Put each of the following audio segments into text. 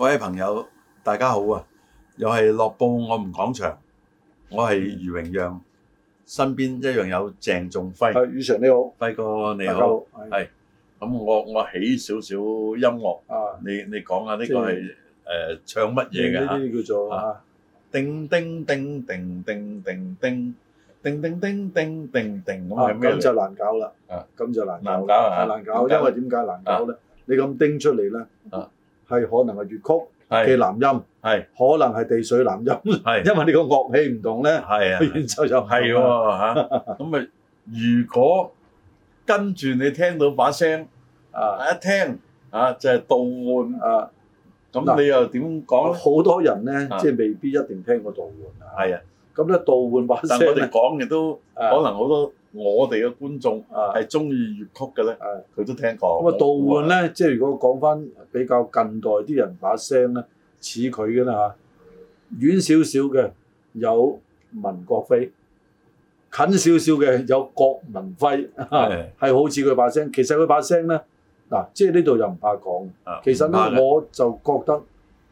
各位朋友，大家好啊！又係《樂報》，我們講場，我係余榮陽，身邊一樣有鄭仲輝。係，宇常你好，輝哥你好。大家好，係。咁我我起少少音樂，你你講下啊？呢個係誒唱乜嘢㗎？呢啲叫做啊，叮叮叮叮叮叮叮叮叮叮叮叮叮咁樣。咁就難搞啦。啊，咁就難難搞啊！難搞，因為點解難搞咧？你咁叮出嚟咧？係可能係粵曲嘅南音，係可能係地水南音，係因為你個樂器唔同咧，係啊，然之後就係喎嚇。咁啊，如果跟住你聽到把聲，啊，一聽啊就係杜煥，啊，咁你又點講？好多人咧，即係未必一定聽過杜煥，係啊。咁咧杜煥把聲，但係我哋講嘅都可能好多。我哋嘅觀眾係、啊、中意粵曲嘅咧，佢都聽過。咁、那個、啊，杜煥咧，即係如果講翻比較近代啲人把聲咧，似佢嘅啦嚇。遠少少嘅有文國輝，近少少嘅有郭文輝，係係、啊、好似佢把聲。其實佢把聲咧，嗱、啊，即係呢度又唔怕講。其實咧，我就覺得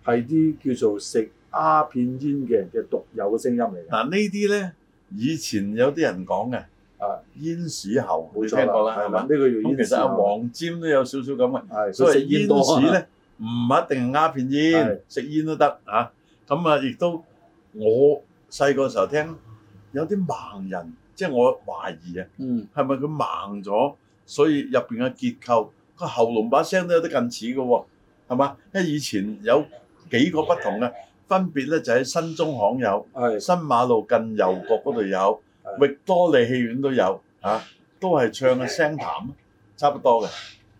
係啲叫做食鴉片煙嘅嘅獨有嘅聲音嚟。嗱、啊，這些呢啲咧以前有啲人講嘅。啊！煙屎喉，你聽過啦係嘛？呢、這個要煙屎喉。其實黃、啊、黃尖都有少少咁嘅。係、啊啊嗯就是嗯，所以食煙屎咧，唔一定係鴉片煙，食煙都得嚇。咁啊，亦都我細個時候聽有啲盲人，即係我懷疑啊，係咪佢盲咗，所以入面嘅結構個喉嚨把聲都有啲近似嘅喎，係嘛？因為以前有幾個不同嘅分別咧，就喺新中巷有，新馬路近右角嗰度有。域多利戲院都有嚇、啊，都係唱嘅聲淡，差不多嘅。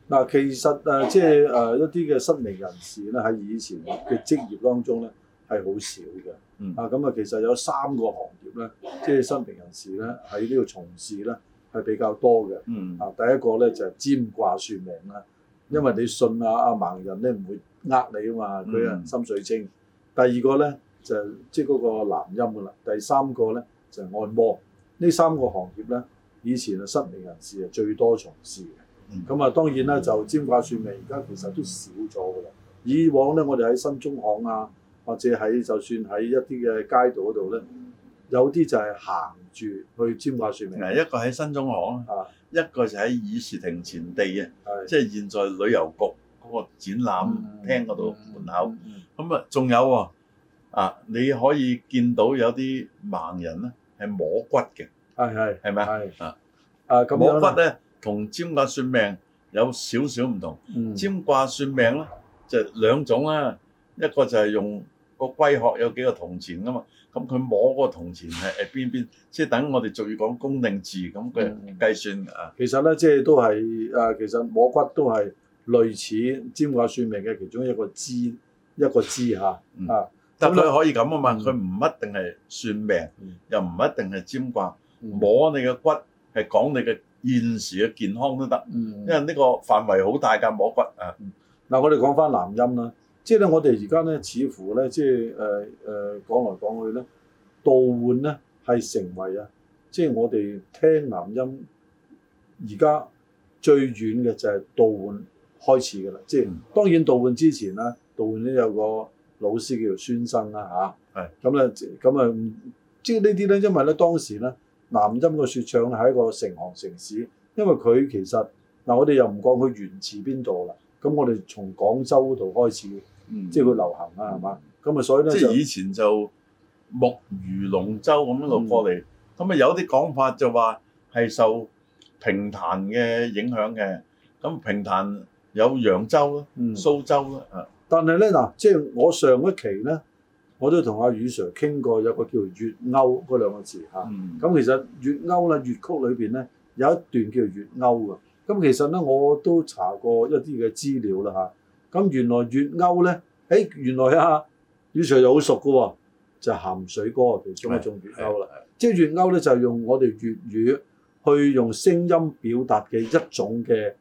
嗱，其實誒，即係誒一啲嘅失明人士咧，喺以前嘅職業當中咧，係好少嘅。啊，咁啊，其實有三個行業咧，即、就、係、是、失明人士咧喺呢度從事咧，係比較多嘅、嗯。啊，第一個咧就係占卦算命啦、嗯，因為你信啊啊盲人咧唔會呃你啊嘛，佢人心水清、嗯。第二個咧就係即係嗰個南音噶啦。第三個咧就係按摩。呢三個行業咧，以前啊失明人士係最多從事嘅，咁、嗯、啊當然啦、嗯，就占卦算命，而家其實都少咗噶啦。以往咧，我哋喺新中行啊，或者喺就算喺一啲嘅街道嗰度咧，有啲就係行住去占卦算命。係一個喺新中行啊，一個就喺議事亭前地啊，即係、就是、現在旅遊局嗰個展覽廳嗰度門口。咁、嗯、啊，仲、嗯、有啊，你可以見到有啲盲人咧。係摸骨嘅，係係係咪啊？啊啊咁樣摸骨咧，同占卦算命有少少唔同。嗯，占卦算命咧就係兩種啦，一個就係用個龜殼有幾個銅錢㗎嘛，咁佢摸個銅錢係誒邊邊，即係等我哋仲要講公定字咁嘅計算啊。其實咧，即係都係啊，其實摸骨都係類似占卦算命嘅其中一個支一個支嚇啊。咁佢可以咁啊嘛，佢、嗯、唔一定係算命，嗯、又唔一定係尖卦、嗯，摸你嘅骨係講你嘅現時嘅健康都得、嗯，因為呢個範圍好大㗎摸骨啊。嗱、嗯，嗯、那我哋講翻南音啦，即係咧，我哋而家咧，似乎咧，即係誒誒講來講去咧，杜煥咧係成為啊，即、就、係、是、我哋聽南音而家最遠嘅就係杜煥開始㗎啦。即、就、係、是嗯、當然杜煥之前咧，杜煥都有個老師叫做孫生啦，吓，咁咧，咁啊，嗯嗯、即係呢啲咧，因為咧當時咧，南音個說唱咧係一個盛行城市，因為佢其實嗱、啊，我哋又唔講佢源自邊度啦，咁我哋從廣州度開始，即係佢流行啊，係、嗯、嘛，咁啊，所以咧，即以前就、嗯、木魚龍舟咁一路過嚟，咁啊，有啲講法就話係受平潭嘅影響嘅，咁平潭有揚州啦，蘇、嗯、州啦，啊、嗯。但係咧嗱，即係我上一期咧，我都同阿雨 sir 傾過，有個叫做粵謳嗰兩個字嚇。咁、嗯啊、其實粵謳咧，粵曲裏邊咧有一段叫做粵謳㗎。咁其實咧，我都查過一啲嘅資料啦嚇。咁、啊、原來粵謳咧，誒、欸、原來啊，雨 sir 又好熟㗎喎，就是、鹹水歌其中一種粵謳啦。即係粵謳咧，就是、用我哋粵語去用聲音表達嘅一種嘅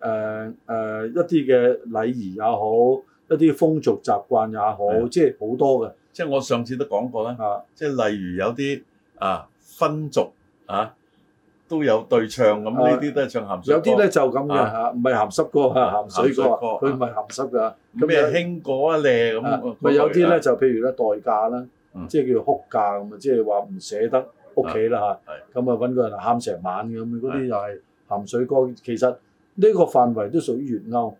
誒誒一啲嘅禮儀也好。一啲風俗習慣也好，即係好多嘅。即係我上次都講過啦。啊，即係例如有啲啊，分族啊，都有對唱咁，呢啲都係唱鹹濕歌。有啲咧就咁嘅嚇，唔係鹹濕歌嚇，鹹水歌。佢唔係鹹濕㗎。咩興過啊靚咁？咪有啲咧就譬如咧代嫁啦，即係叫哭嫁咁啊，即係話唔捨得屋企啦嚇。係。咁啊揾個人喊成晚咁，嗰啲就係鹹水歌。其實呢個範圍都屬於粵謳。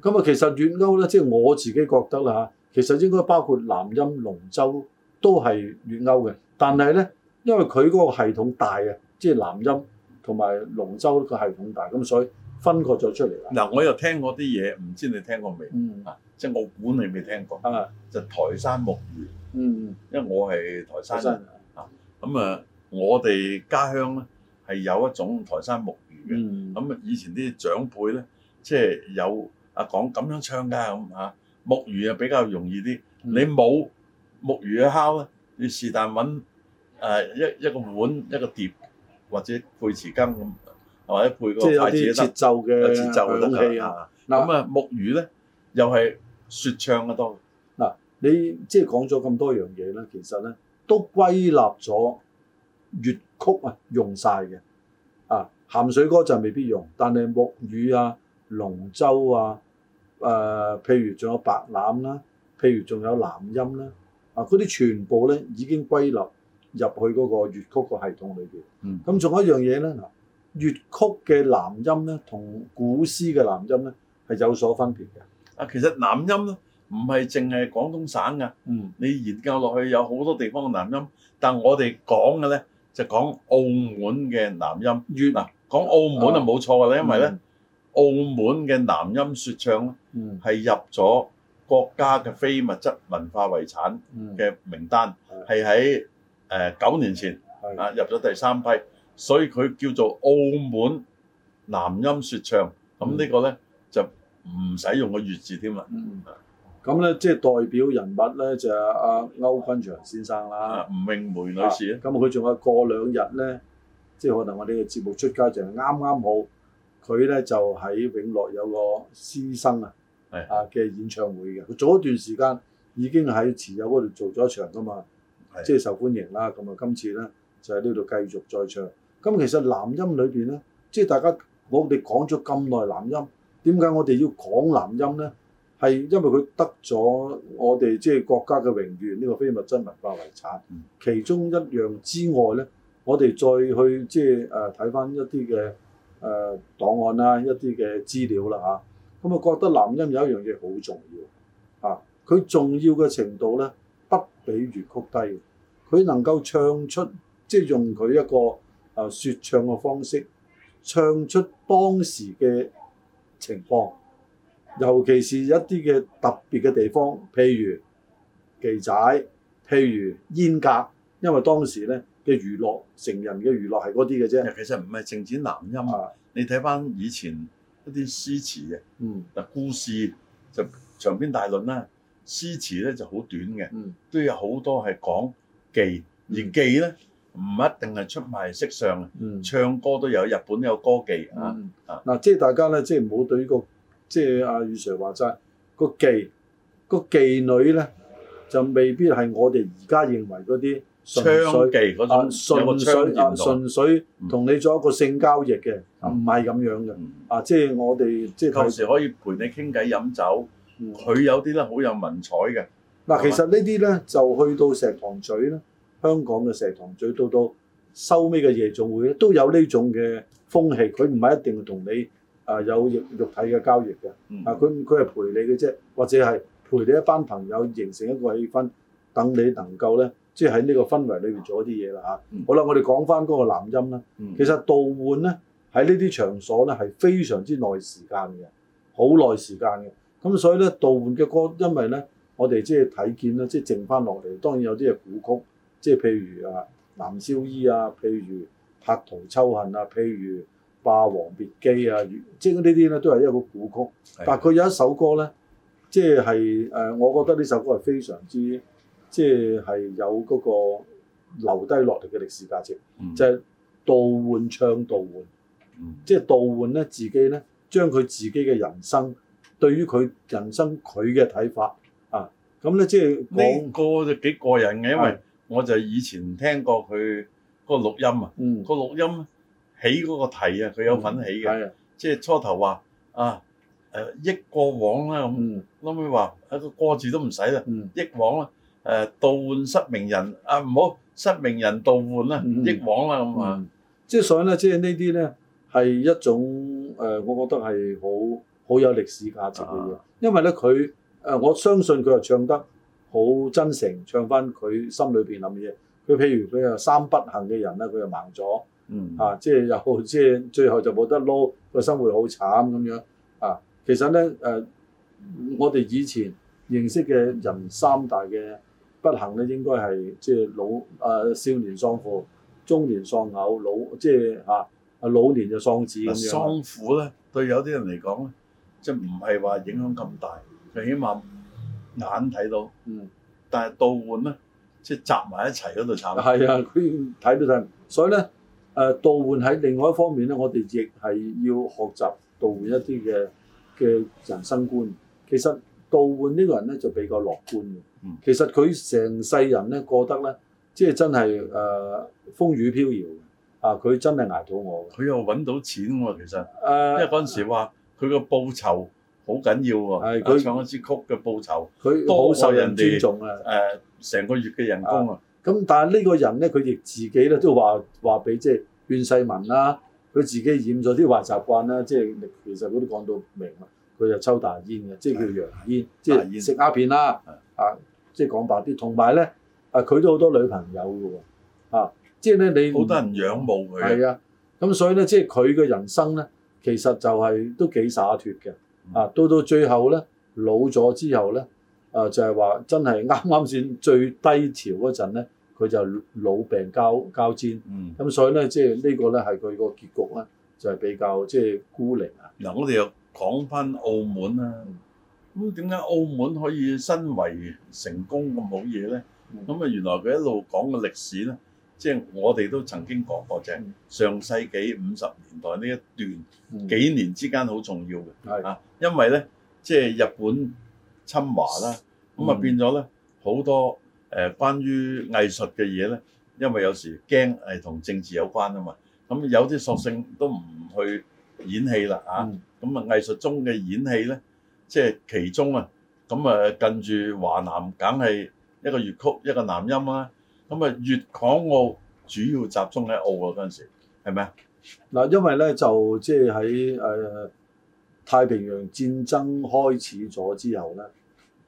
咁、嗯、啊，其實粵歐咧，即、就、係、是、我自己覺得啦嚇，其實應該包括南音、龍舟都係粵歐嘅。但係咧，因為佢嗰個系統大啊，即係南音同埋龍舟個系統大，咁、就是、所以分割咗出嚟啦。嗱、嗯，我又聽過啲嘢，唔知你聽過未？嗯。啊，即係我估你未聽過。啊、嗯，就是、台山木魚。嗯，因為我係台山人、嗯、啊，咁啊，我哋家鄉咧係有一種台山木魚嘅。咁、嗯、啊，以前啲長輩咧，即、就、係、是、有。啊，講咁樣唱噶咁嚇，木、啊、魚啊比較容易啲，嗯。你冇木魚嘅敲咧，你是但揾誒一一個碗一個碟、或者配匙羹咁，或者配，或者配個子即係有啲節奏嘅響器啊。嗱咁啊，木魚咧又係説唱嘅多，啊。嗱，你即係講咗咁多樣嘢咧，其實咧都歸納咗粵曲啊用晒嘅，啊鹹水歌就未必用，但係木魚啊。龍舟啊，誒、呃，譬如仲有白欖啦、啊，譬如仲有南音啦，啊，嗰啲全部咧已經歸納入去嗰個粵曲個系統裏邊。嗯，咁仲有一樣嘢咧，嗱，粵曲嘅南音咧同古詩嘅南音咧係有所分別嘅。啊，其實南音唔係淨係廣東省噶，嗯，你研究落去有好多地方嘅南音，但我哋講嘅咧就講澳門嘅南音。粵嗱講澳門啊冇錯嘅咧，因為咧，嗯澳門嘅南音說唱咧，係入咗國家嘅非物質文化遺產嘅名單，係喺誒九年前啊入咗第三批，所以佢叫做澳門南音說唱。咁呢個咧就唔使用個粵字添啊。咁咧即係代表人物咧就係阿歐君祥先生啦，吳詠梅女士。咁佢仲有過兩日咧，即係可能我哋嘅節目出街就啱啱好。佢咧就喺永樂有個師生啊，啊嘅演唱會嘅，佢做咗一段時間已經喺持有嗰度做咗場噶嘛，即係、就是、受歡迎啦。咁啊，今次咧就喺呢度繼續再唱。咁其實南音裏邊咧，即係大家我哋講咗咁耐南音，點解我哋要講南音咧？係因為佢得咗我哋即係國家嘅榮譽呢個非物質文化遺產、嗯。其中一樣之外咧，我哋再去即係誒睇翻一啲嘅。誒、呃、檔案啦、啊，一啲嘅資料啦、啊、嚇，咁啊覺得南音有一樣嘢好重要佢，啊、重要嘅程度咧不比粵曲低，佢能夠唱出即係、就是、用佢一個誒、啊、說唱嘅方式唱出當時嘅情況，尤其是一啲嘅特別嘅地方，譬如妓仔，譬如煙格，因為當時咧。嘅娛樂，成人嘅娛樂係嗰啲嘅啫。其實唔係淨止南音啊，你睇翻以前一啲詩詞嘅，嗱、嗯、故事就長篇大論啦。詩詞咧就好短嘅、嗯，都有好多係講妓、嗯，而妓咧唔一定係出賣色相嘅、嗯。唱歌都有，日本有歌妓、嗯、啊。嗱，即係大家咧，即係唔好對呢個，即係阿雨 Sir 話齋個妓個妓女咧，就未必係我哋而家認為嗰啲。娼妓嗰種有個槍、啊，純粹同你做一個性交易嘅，唔係咁樣嘅、嗯。啊，即係我哋即係到時可以陪你傾偈飲酒。佢、嗯、有啲咧好有文采嘅。嗱、啊，其實呢啲咧就去到石塘咀咧、嗯，香港嘅石塘咀到到收尾嘅夜總會咧都有呢種嘅風氣。佢唔係一定同你啊有肉肉體嘅交易嘅。啊，佢佢係陪你嘅啫，或者係陪你一班朋友形成一個氣氛，等你能夠咧。即係喺呢個氛圍裏邊做一啲嘢啦吓，好啦，我哋講翻嗰個南音啦、嗯。其實杜煥咧喺呢啲場所咧係非常之耐時間嘅，好耐時間嘅。咁所以咧杜煥嘅歌，因為咧我哋即係睇見啦，即係剩翻落嚟，當然有啲係古曲，即係譬如啊《男燒衣》啊，譬如《客途秋恨》啊，譬如《霸王別姬》啊，即係呢啲咧都係一個古曲。但係佢有一首歌咧，即係誒，我覺得呢首歌係非常之。即係有嗰個留低落嚟嘅歷史價值，嗯、就係杜煥唱杜煥，杜煥嗯、即係杜煥咧，自己咧將佢自己嘅人生，對於佢人生佢嘅睇法啊，咁、嗯、咧即係講個就幾個人嘅，因為我就以前聽過佢個錄音啊，嗯嗰個錄音起嗰個題啊，佢有份起嘅、嗯，即係初頭話啊誒憶、啊、過往啦咁，後屘話一個過字都唔使啦，憶、嗯、往啦。誒、呃、盜換失明人啊唔好失明人盜換啦，益忘啦咁啊！即係所以咧，即係、嗯就是、呢啲咧係一種誒、呃，我覺得係好好有歷史價值嘅嘢、啊。因為咧佢誒，我相信佢係唱得好真誠，唱翻佢心裏邊諗嘅嘢。佢譬如佢有三不幸嘅人咧，佢又盲咗，啊，即係又即係最後就冇得撈，個生活好慘咁樣啊！其實咧誒、呃，我哋以前認識嘅人三大嘅。嗯嗯不幸咧，應該係即係老啊少年喪父、中年喪偶、老即係嚇啊老年就喪子咁樣。喪父咧，對有啲人嚟講咧，即係唔係話影響咁大，就起碼眼睇到，嗯。但係倒換咧，即係集埋一齊喺度慘。係啊，佢睇到曬。所以咧，誒倒換喺另外一方面咧，我哋亦係要學習倒換一啲嘅嘅人生觀。其實。杜煥呢個人咧就比較樂觀嘅，其實佢成世人咧過得咧，即係真係誒風雨飄搖啊，佢真係捱到我佢又揾到錢喎、啊、其實，呃、因為嗰陣時話佢個報酬好緊要喎、呃，唱一支曲嘅報酬，佢都好受人尊重啊，誒、呃、成個月嘅人工、呃、人啊，咁但係呢個人咧佢亦自己咧都話話俾即係勸世文啦，佢自己染咗啲壞習慣啦，即係其實佢都講到明啦。佢就抽大煙嘅，即係叫洋煙，即係食鴉片啦啊、係。啊，即係講白啲，同埋咧，啊佢都好多女朋友㗎喎。啊，即係咧你好多人仰慕佢。啊，咁所以咧，即係佢嘅人生咧，其實就係都幾灑脫嘅。啊，到到最後咧，老咗之後咧、誒，就係、係、話真係啱啱先最低潮嗰陣咧，佢就老病交交煎。咁、嗯、所以咧，即係呢個咧係佢個結局咧，就係、係、比較即係孤零啊。嗱，我哋有。講翻澳門啦，咁點解澳門可以身為成功咁好嘢咧？咁、嗯、啊原來佢一路講嘅歷史咧，即係我哋都曾經講過，即係上世紀五十年代呢一段幾年之間好重要嘅，啊、嗯，因為咧即係日本侵華啦，咁、嗯、啊變咗咧好多誒關於藝術嘅嘢咧，因為有時驚係同政治有關啊嘛，咁有啲索性都唔去。演戲啦、嗯、啊！咁啊，藝術中嘅演戲咧，即係其中啊，咁啊，近住華南梗係一個粵曲一個南音啦。咁啊，粵港澳主要集中喺澳啊嗰陣時，係咪啊？嗱，因為咧就即係喺誒太平洋戰爭開始咗之後咧，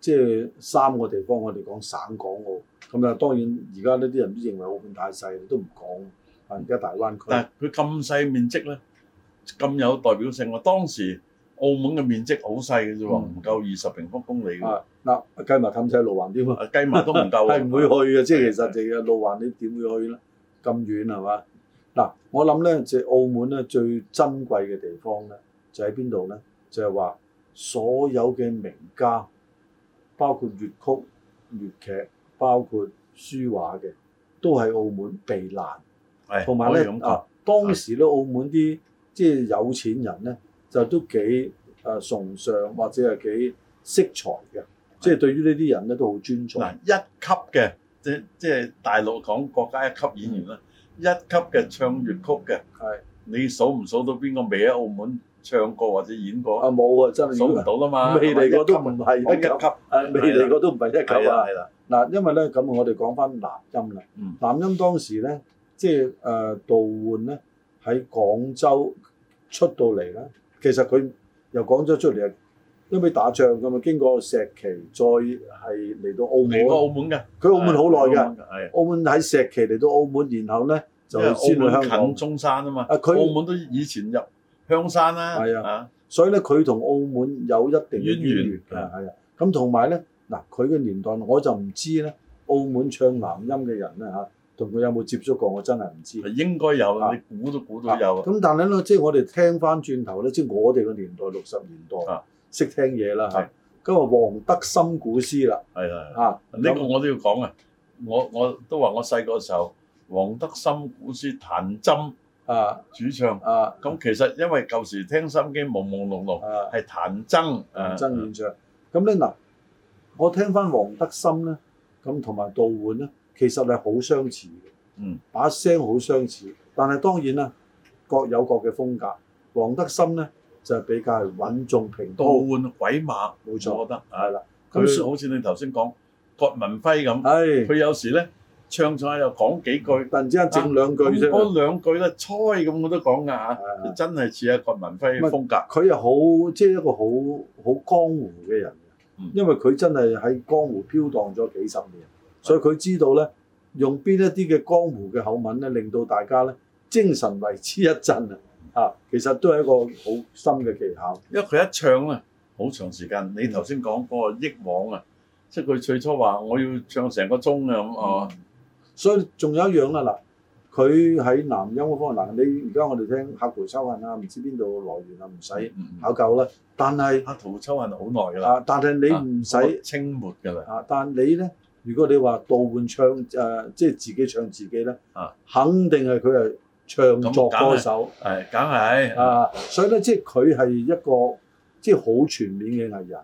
即係三個地方我哋講省港澳。咁啊，當然而家呢啲人都認為澳門太細，都唔講。但而家大灣區，但係佢咁細面積咧。咁有代表性喎、啊！當時澳門嘅面積好細嘅啫話唔夠二十平方公里嘅。啊，嗱、啊，計埋氹仔路環啲嘛，計埋都唔夠，係唔、啊、 會去嘅。即係其實地嘅路環你點會去呢？咁遠係嘛？嗱、啊，我諗咧就澳門咧最珍貴嘅地方咧就喺邊度咧？就係話、就是、所有嘅名家，包括粵曲、粵劇，包括書畫嘅，都喺澳門避難。係，同埋咧啊，當時咧澳門啲。即係有錢人咧，就都幾誒、呃、崇尚或者係幾識才嘅，即係對於呢啲人咧都好尊重。嗱。一級嘅，即即係大陸講國家一級演員啦、嗯，一級嘅唱粵曲嘅，係、嗯、你數唔數到邊個未喺澳門唱過或者演過？啊，冇啊，真係數唔到啊嘛。未嚟過都唔係一級一級，啊、未嚟過都唔係一級啊。嗱、啊，因為咧咁，我哋講翻南音啦。嗯。南音當時咧，即係誒杜煥咧喺廣州。出到嚟啦，其實佢由廣州出嚟，因為打仗㗎嘛。經過石岐，再係嚟到澳門，嚟過澳門嘅，佢澳門好耐嘅。澳門喺石岐嚟到澳門，然後咧就先去香港、中山啊嘛。啊，佢澳門都以前入香山啦，係啊，所以咧佢同澳門有一定嘅淵源嘅，係啊。咁同埋咧，嗱佢嘅年代我就唔知咧，澳門唱南音嘅人咧吓同佢有冇接觸過？我真係唔知。係應該有，啊、你估都估到有。咁、啊、但係咧，即係我哋聽翻轉頭咧，即係我哋個年代六十年代，識聽嘢啦。係，咁啊，黃德森古詩啦。係啦，啊，呢、啊這個我都要講啊。我我都話我細個時候，黃德森古詩彈針啊，主唱啊。咁、啊、其實因為舊時聽收音機，朦朦朧朧係彈針，彈針演唱。咁咧嗱，我聽翻黃德森咧，咁同埋杜煥咧。其實係好相似嘅，嗯，把聲好相似，但係當然啦，各有各嘅風格。黃德森咧就係、比較穩重平和，換鬼馬，冇錯，我覺得係啦。咁好似你頭先講郭文輝咁，佢有時咧唱唱又講幾句，突然之間整兩句啫，啊、兩句咧猜咁我都講㗎嚇，是的真係似阿郭文輝嘅風格。佢又好即係一個好好江湖嘅人，嗯，因為佢真係喺江湖飄蕩咗幾十年。所以佢知道咧，用邊一啲嘅江湖嘅口吻咧，令到大家咧精神為之一振啊！嚇，其實都係一個好深嘅技巧。因為佢一唱啊，好長時間。你頭先講嗰個憶往啊，即係佢最初話我要唱成個鐘啊咁啊、嗯。所以仲有一樣啊嗱，佢喺南音嗰方嗱、啊，你而家我哋聽客途秋恨啊，唔知邊度來源啊，唔使考究啦。但係客途秋恨好耐噶啦。但係你唔使、啊、清末噶啦。啊，但你咧？如果你話杜煥唱誒、呃，即係自己唱自己咧，啊，肯定係佢係唱作歌手，係、啊，梗係啊，所以咧，即係佢係一個即係好全面嘅藝人。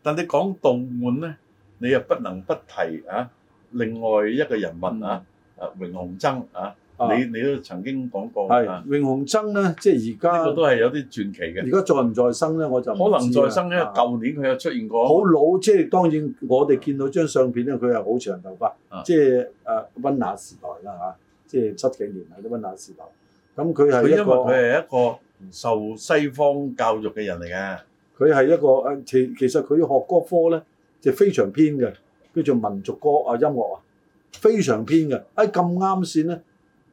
但你講杜煥咧，你又不能不提啊，另外一個人物啊，誒，榮鴻曾。啊。啊、你你都曾經講過，係榮鴻曾咧，即係而家都係有啲傳奇嘅。而家再唔再生咧？我就不可能再生因為。舊、啊、年佢又出現過，好老即係當然，我哋見到張相片咧，佢係好長頭髮，即係誒温拿時代啦嚇，即、啊、係、就是、七幾年啊啲温拿時代。咁佢係佢因佢係一個受西方教育嘅人嚟嘅。佢係一個誒，其其實佢學嗰科咧，就是、非常偏嘅，叫做民族歌啊音樂啊，非常偏嘅。誒咁啱先咧。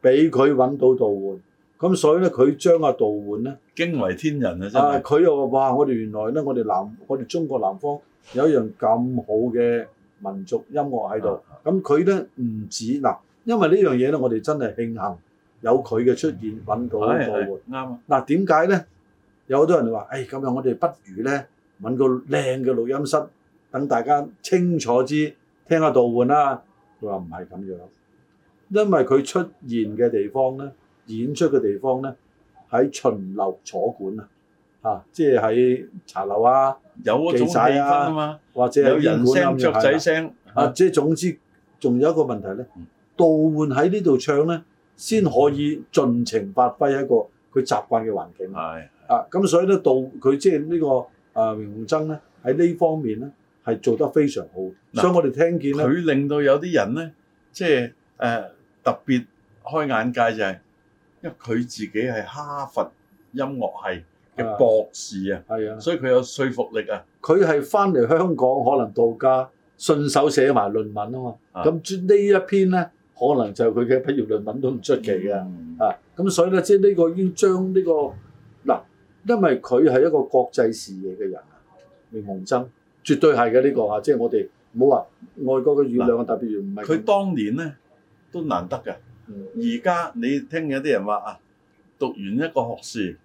俾佢揾到杜煥，咁所以呢，佢將阿杜煥呢驚為天人啊！真係佢又話，我哋原來呢，我哋南，我哋中國南方有一樣咁好嘅民族音樂喺度。咁、啊、佢呢，唔止嗱，因為呢樣嘢呢，我哋真係慶幸有佢嘅出現揾到杜煥。啱、嗯、嗱，點解呢？有好多人就話，誒、哎，今日我哋不如呢，揾個靚嘅錄音室，等大家清楚啲聽下杜煥啦。佢話唔係咁樣。因為佢出現嘅地方咧，演出嘅地方咧，喺巡樓坐館啊，嚇，即係喺茶樓啊，有嗰種氣氛啊嘛，或者人聲雀仔聲，啊，即係、啊啊啊啊、總之，仲有一個問題咧，杜煥喺呢度唱咧，先可以盡情發揮一個佢習慣嘅環境，係、嗯、啊，咁、嗯啊、所以咧，杜佢即係、這個呃、呢個啊，榮鴻曾咧喺呢方面咧係做得非常好的，所以我哋聽見咧，佢令到有啲人咧，即係誒。呃特別開眼界就係、是，因為佢自己係哈佛音樂系嘅博士啊，啊，所以佢有說服力啊。佢係翻嚟香港可能度假，順手寫埋論文啊嘛。咁呢、啊、一篇咧，可能就係佢嘅畢業論文都唔出奇、嗯、啊。啊，咁所以咧，即係呢個已經將呢、這個嗱，因為佢係一個國際視野嘅人明明、這個就是、啊，李孟僧絕對係嘅呢個啊。即係我哋唔好話外國嘅語量特別唔係佢當年咧。都難得嘅，而家你聽有啲人話啊，讀完一個學士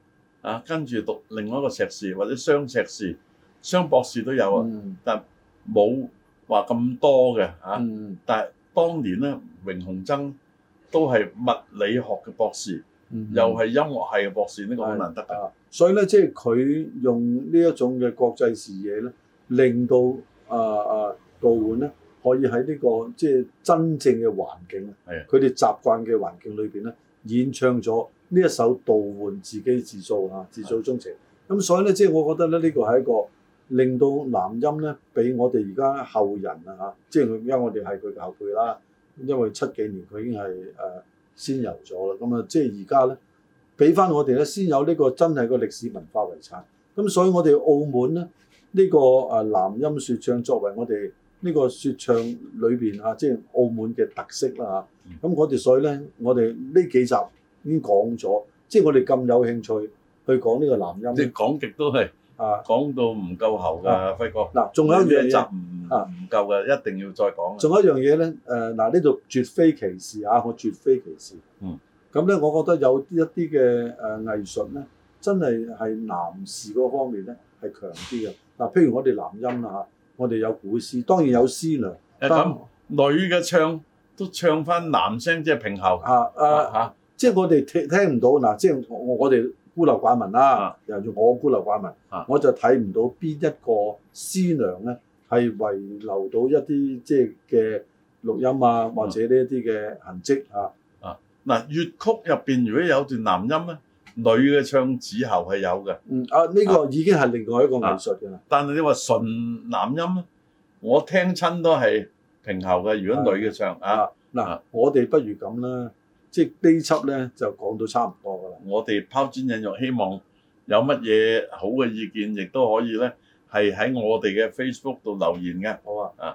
啊，跟住讀另外一個碩士或者雙碩士、雙博士都有啊，但冇話咁多嘅吓。但係當年咧，榮鴻曾都係物理學嘅博士，又係音樂系嘅博士，呢個好難得嘅。所以咧，即係佢用呢一種嘅國際視野咧，令到啊啊杜煥咧。可以喺呢、這個即係真正嘅環境，佢哋習慣嘅環境裏邊咧，演唱咗呢一首杜煥自己自嘆啊，自嘆中情。咁所以咧，即係我覺得咧，呢個係一個令到南音咧，俾我哋而家後人啊嚇，即係因為我哋係佢嘅後輩啦。因為七幾年佢已經係誒、呃、仙遊咗啦。咁啊，即係而家咧，俾翻我哋咧先有呢個真係個歷史文化遺產。咁所以我哋澳門咧，呢、這個誒南音説唱作為我哋。呢、這個説唱裏邊啊，即係澳門嘅特色啦嚇。咁、啊、我哋所以咧，我哋呢幾集已經講咗，即係我哋咁有興趣去講呢個南音。你講極都係啊，講到唔夠喉㗎，輝、啊、哥。嗱、啊，仲、啊、有、啊啊、一樣嘢，唔唔夠㗎，一定要再講。仲、啊、有一樣嘢咧，誒嗱呢度絕非歧視啊，我絕非歧視。嗯、啊。咁、啊、咧，我覺得有一啲嘅誒藝術咧，真係係男士嗰方面咧係強啲嘅。嗱、啊，譬如我哋南音啦嚇。啊我哋有瞽師，當然有師娘。誒咁女嘅唱都唱翻男聲，即係平喉。啊啊嚇！即係我哋聽聽唔到嗱，即係我哋孤陋寡聞啦。由住我孤陋寡聞、啊，我就睇唔到邊一個師娘咧係遺留到一啲即係嘅錄音啊，或者呢一啲嘅痕跡啊啊！嗱、呃，粵曲入邊如果有段男音咧？女嘅唱子喉係有嘅，嗯啊呢、這個已經係另外一個藝術嘅啦。但係你話純男音，我聽親都係平喉嘅。如果女嘅唱的啊，嗱、啊啊啊啊，我哋不如咁啦，即係呢輯咧就講到差唔多㗎啦。我哋拋磚引玉，希望有乜嘢好嘅意見，亦都可以咧，係喺我哋嘅 Facebook 度留言嘅。好啊，啊。